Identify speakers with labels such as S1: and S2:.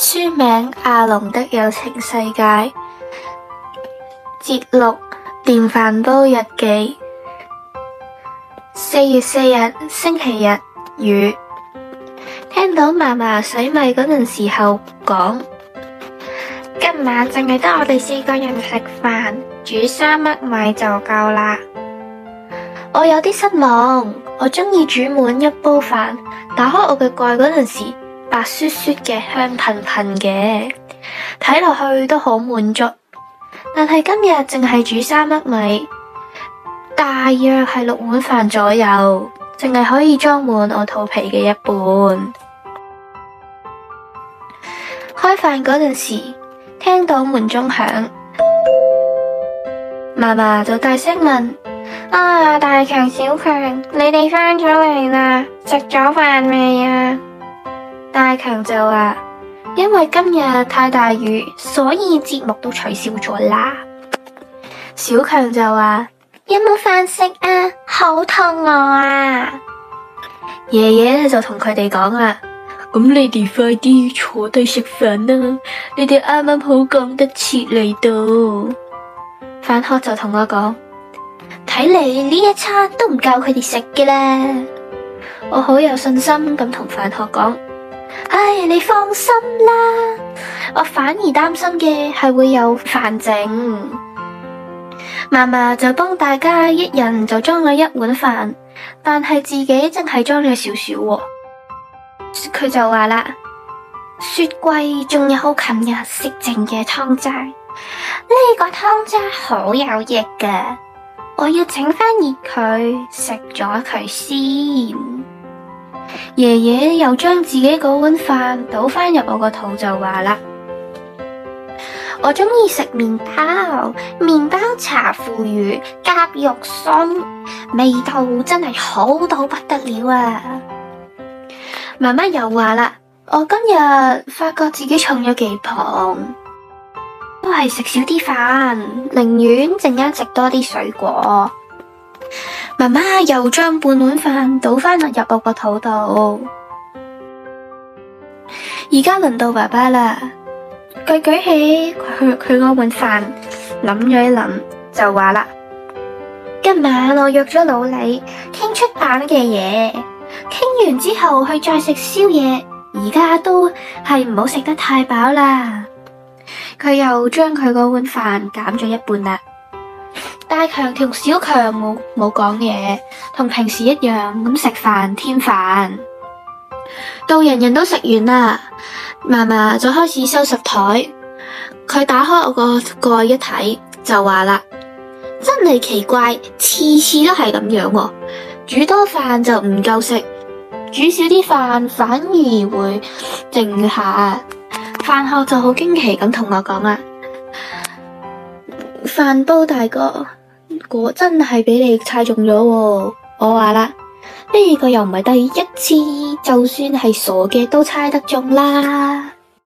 S1: 書名《阿濃的有情世界》節錄《電飯煲日記》。四月四日星期日雨。聽到嫲嫲洗米嗰陣時候講：今晚淨係得我哋四個人食飯，煮三粒米就夠啦。我有啲失望，我鍾意煮滿一煲飯，打開我嘅蓋嗰陣時。白雪雪嘅，香噴噴嘅，睇落去都好滿足。但係今日淨係煮三粒米，大約係六碗飯左右，淨係可以裝滿我肚皮嘅一半。開飯嗰陣時，聽到門鐘響，媽媽就大聲問：啊，大強、小強，你哋翻咗嚟啦？食咗飯未啊？大強就話：因為今日太大雨，所以節目都取消咗啦。小強就話：有冇飯食啊？好肚餓啊！爺爺就同佢哋講啦：咁你哋快啲坐低食飯啦！你哋啱啱好趕得切嚟到。飯煲就同我講：睇嚟呢一餐都唔夠佢哋食嘅啦。我好有信心咁同飯煲講。唉，你放心啦，我反而擔心嘅係會有飯剩。嫲嫲就幫大家一人就裝咗一碗飯，但係自己淨係裝咗少少。佢就話啦，雪櫃仲有好琴日食剩嘅湯渣，呢個湯渣好有益噶，我要整翻熱佢，食咗佢先。爺爺又將自己嗰碗飯倒翻入我個肚，就話啦，我中意食麵包，麵包茶腐乳夾肉鬆，味道真係好到不得了啊！媽媽又話啦，我今日發覺自己重咗幾磅，都係食少啲飯，寧願靜一食多啲水果。媽媽又將半碗飯倒翻落入我個肚度，而家輪到爸爸啦。佢舉起佢佢嗰碗飯，諗咗一諗就話啦：今晚我約咗老李傾出版嘅嘢，傾完之後去再食宵夜，而家都係唔好食得太飽啦。佢又將佢嗰碗飯減咗一半啦。大強同小強冇冇講嘢，同平時一樣咁食飯添飯，到人人都食完啦，媽媽就開始收拾枱。佢打開我個蓋一睇，就話啦：真係奇怪，次次都係咁樣喎、哦，煮多飯就唔夠食，煮少啲飯反而會剩下。飯後就好驚奇咁同我講啦：飯煲大哥。果真係俾你猜中咗喎，我話啦，呢個又唔係第一次，就算係傻嘅都猜得中啦。